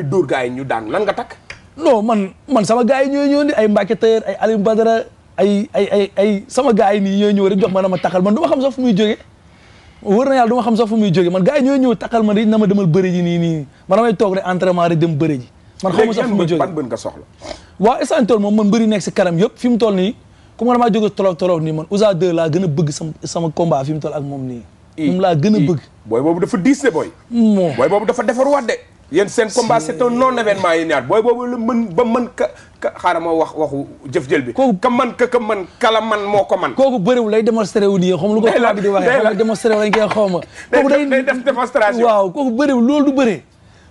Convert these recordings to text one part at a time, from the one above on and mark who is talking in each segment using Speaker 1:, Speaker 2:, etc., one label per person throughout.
Speaker 1: ñu dóor gars yi ñu daan lan nga
Speaker 2: takk. non man man sama gars yi ñooy ñëw ni ma na ma takkal man du ma xam sax fu muy jógee. wër na yàlla du ma xam sax fu muy jógee man gars yi ñooy ñëw takkal ma rek na ma demal bëri ji nii nii man damay toog rek entraînement rek ma sax fu muy jógee ban bën nga soxla. waaw instant tool moom man mbëri nekk si kanam yëpp fi nii comme man damaa jóge tolof tolof nii man Ousa 2 laa gën a bëgg sama sama combat fi mu toll ak moom nii. moom laa gën a booy boobu dafa diis booy. boobu dafa defaruwaat de yéen seen combat
Speaker 1: c'est un non événement yi ñaar booy boobu la mën ba mën ka ka xaaral ma wax waxu jëf jël bi. kooku ka
Speaker 2: mën ka ka mën kala man moo ko man kooku bëriwul lay démonstré wu nii xam lu ko tubaab bi di waxee xam nga démonstré wu lañ koy xaw ma. day day def démonstration waaw kooku bëriwul loolu du bëree.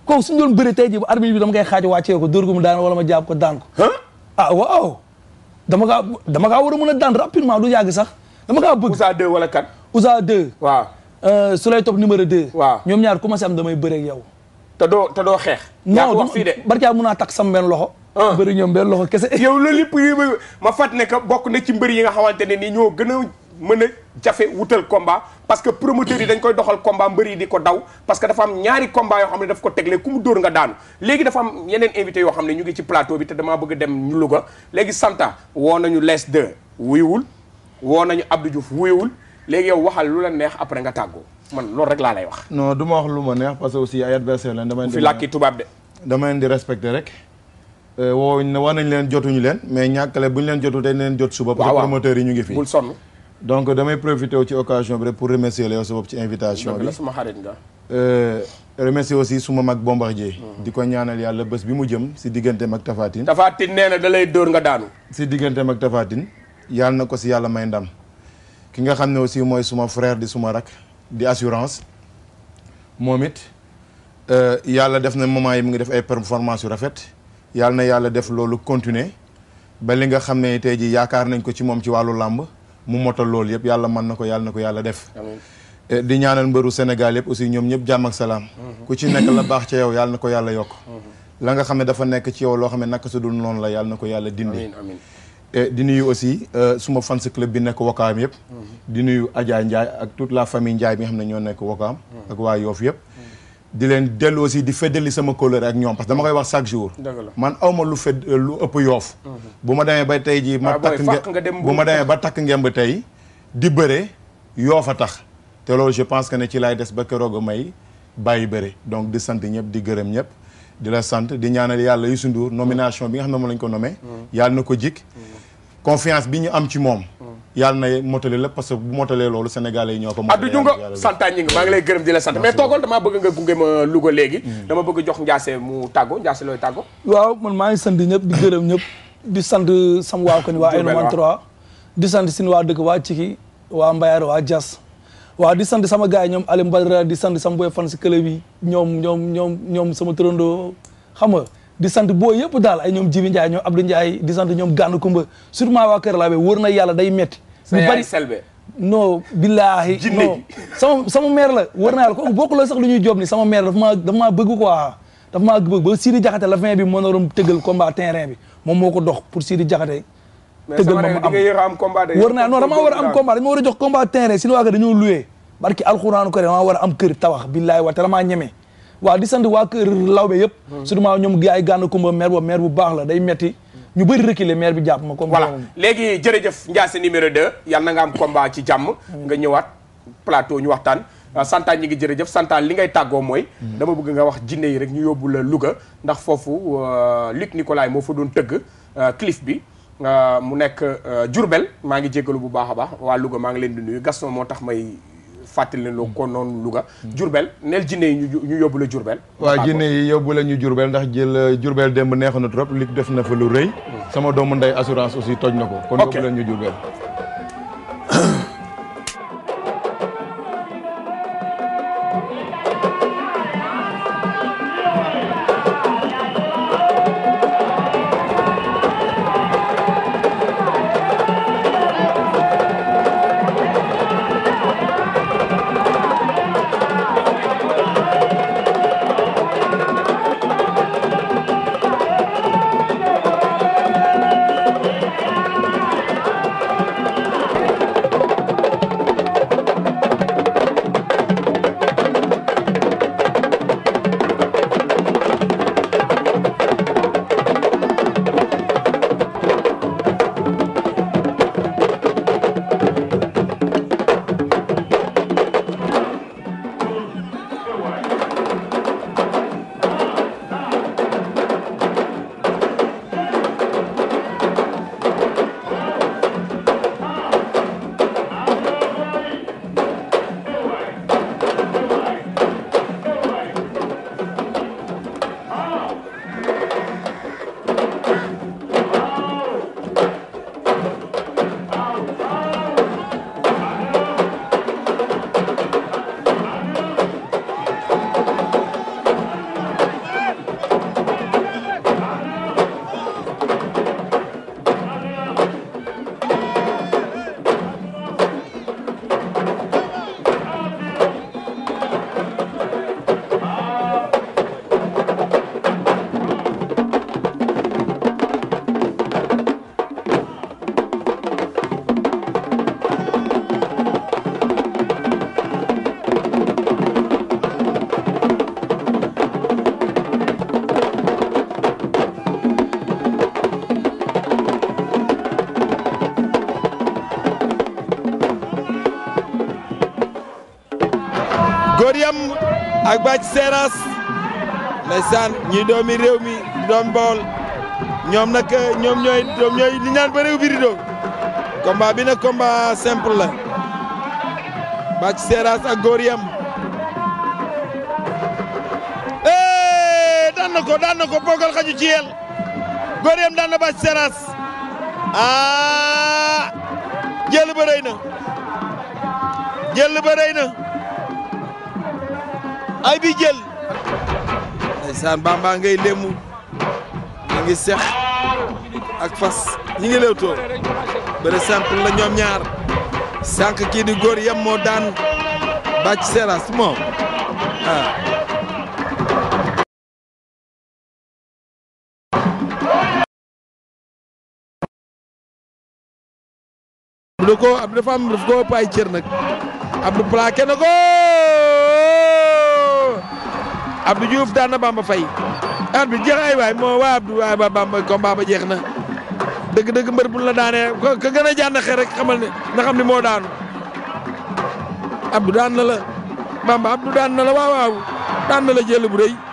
Speaker 2: kooku suñu doon bëree tey jii bu arbitre bi dama koy xaaj wàccee ko dóor gu mu daan wala ma jaab ko daan ko. ah waaw dama kaa dama kaa war a mën a daan rapidement du yàgg sax dama kaa bëgg. Ousa 2 wala 4. Ousa 2. waaw euh, su lay topp numéro 2. waaw ñoom ñaar commencé am damay bëree ak yow te doo te doo xeex. yaa ko wax fii de barke mun naa takk sam benn loxo. Ah. bëri ñoom benn loxo kese. yow loolu lépp ma fàtt
Speaker 1: ne que bokk na ci mbër yi nga xamante ne ni ñoo gën a mën a jafe wutal combat parce que promoteurs yi dañ koy doxal combat mbër yi di ko daw parce que dafa am ñaari combat yoo xam ne daf ko tegle ku mu dóor nga daanu léegi dafa am yeneen invité yoo xam ne ñu ngi ci plateau bi te damaa bëgg dem ñu léegi Santa woo nañu Les 2 wuyuwul woo nañu Abdou Diouf wuyuwul léegi yow waxal lu la neex après nga tàggoo man loolu rek laa lay wax.
Speaker 3: non du ma wax lu ma neex parce que aussi ay adversaire lañ. damay fi làkki tubaab de. dama leen di respecté rek. Euh, woo ne war nañ leen jotuñu leen mais ñàkkale bu ñu leen jotu dañ neen jot suba. waaw promoteurs yi ñu ngi fi bul sonn. donc damay profité ci occasion bi rek pour remercier la yow sa bopp ci invitation bi suma xarit nga. Euh, remercier aussi suma mag Bombardier hmm. di ko ñaanal yàlla bés bi mu jëm si digganteem ak Tafatine. Tafatine
Speaker 1: nee na da lay nga
Speaker 3: daanu. si digganteem ak Tafatine yàlla na ko si yàlla may ki nga xam ne aussi mooy suma frère suma rak di assurance moom it euh, yàlla def na moment yi mu ngi def ay performance yu rafet yàlla na yàlla def loolu continuer ba li nga xam ne tey jii yaakaar nañ ko ci moom ci wàllu làmb mu moto loolu yëpp yàlla mën na ko yàlla na ko yàlla def euh, di ñaanal mbëru Sénégal yëpp aussi ñoom ñëpp jàmm ak salaam mhm. ku ci nekk la baax ca yow yàlla na ko yàlla yokk mhm. la nga xam ne dafa nekk ci yow loo xam ne naka su dul noonu la yàlla na ko yàlla dindi Eh, di nuyu aussi euh, suma fans club bi nekk Wakaam yëpp. Mhm. di nuyu Adja Ndiaye ak tout la famille Ndiaye bi nga xam ne ñoo nekk Wakaam. Mhm. ak waa Yoof yëpp. Mhm. di leen dellu aussi di feddali sama kóllëre ak ñoom parce que dama koy wax chaque jour. man awma lu fedd euh, lu ëpp yoof. bu ma demee ba tey jii ma ah, takk dem bu ma demee ba takk ngemb ba tey. di bëre yoof a tax te loolu je pense que ne ci laay des ba keroog may bàyyi bëre donc di sant ñëpp di gërëm ñëpp. di la sant di ñaanal yàlla Youssou Ndour mm. nomination bi nga xam ne moom lañ ko nommé. Mm. yàlla na ko jik mm. confiance bi ñu am ci moom. yàlla na motali lépp parce que bu talee loolu sénégalais yi ñoo ko motali Abdou Diounga
Speaker 1: santaan ñi nga maa ngi lay gërëm di la sant mais toogal damaa bëgg nga gunge ma bëgg jox Ndiassé mu
Speaker 2: tàggo Ndiassé looy tàggo waaw man maa ngi sant ñëpp di gërëm ñëpp di sant sam waa ko waa ay di sant sin waa dëkk waa Ciki waa Mbayar waa Diass waaw di sant sama gars yi ñoom Alioune Badara di sama boy fan si club yi ñoom ñoom ñoom ñoom sama tërëndoo xam nga di sant boo yëpp daal ay ñoom Jibi Ndiaye ñoom Abdou Ndiaye di sant ñoom Gànn Kumba surtout maa waa Kër Laabe wër na yàlla day metti ñu bari selbe non billaahi sama sama la wër na yàlla ko bokku la sax lu ñuy job ni sama mère dafa maa dafa maa bëgg quoi dafa maa bëgg ba Sidi Jaxate la fin bi mënoroom tëggal combat terrain bi moom moo ko dox pour Sidi Jaxate tëggal ma ma
Speaker 1: am war naa non damaa war a am
Speaker 2: combat dañ ma war a jox combat terrain si waa kër dañoo loué barki alxuraanu kër damaa war a am kër tawax billaay wa te damaa ñeme a di sant waa kër lawbe yëpp hmm. surtout maa ñoom gaay gànn kumba bu baax la day metti ñu bëri reculer maire bi jàpp ma comme voilà
Speaker 1: léegi jërëjëf Ndiasse numéro 2 yàlla na nga am combat ci jàmm hmm. nga ñëwaat plateau ñu waxtaan euh, santaan ñi ngi jërëjëf santaan li ngay tàggoo mooy hmm. dama bëgg nga wax jinne yi rek ñu yóbbu la Louga ndax foofu euh, Luc Nicolaï moo fa doon tëgg euh, cliff bi Euh, mu nekk euh, Diourbel maa ngi jéggalu bu baax a baax waa Louga maa ngi leen di nuyu Gaston moo tax may fàttali leen loo noonu Louga mm. Diourbel neel jinne yi ñu yóbbu la Diourbel waa jinne
Speaker 3: yi yóbbu la ñu jurbel ndax jël jurbel euh, démb neexu na trop li def na fa lu rëy mm. sama doomu ndey assurance aussi toj na ko kon yóbbu la ñu Diourbel
Speaker 4: ak Bathie Seras ndeysaan ñi doomi réew mi doom Bawol ñoom nag ñoom ñooy ñoom ñooy li ñaan ba réew bi rido combat la Bathie Seras ak góor daan na eh, daan na ko pogal ci yel góor daan na Bathie Seras ah jël ba na jël ba rëy na ay bi jël ndeysaan bamba ngay léemu ñu ngi sex ak fas ñi ngi léewtoo bëre la ñoom ñaar sànq kii di góor moo daan bàcc
Speaker 2: seras moom ah Abdou ko Abdou
Speaker 4: Abdou Diouf daan na Bamba Faye arbitre bi jeex waay moo waa Abdou waay Bamba combat jeex na dëgg-dëgg mbër bu la daanee ka gën a jànn xel rek xamal ne na xam ne moo daanu Abdou daan na la Bamba Abdou daan na la waaw waaw daan na la jël bu rëy